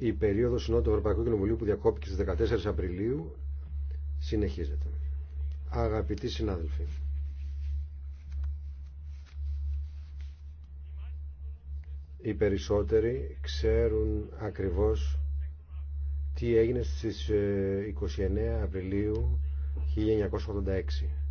Η περίοδος συνόδου του Ευρωπαϊκού Κοινοβουλίου που διακόπηκε στις 14 Απριλίου συνεχίζεται. Αγαπητοί συνάδελφοι, οι περισσότεροι ξέρουν ακριβώς τι έγινε στις 29 ε, Απριλίου 1986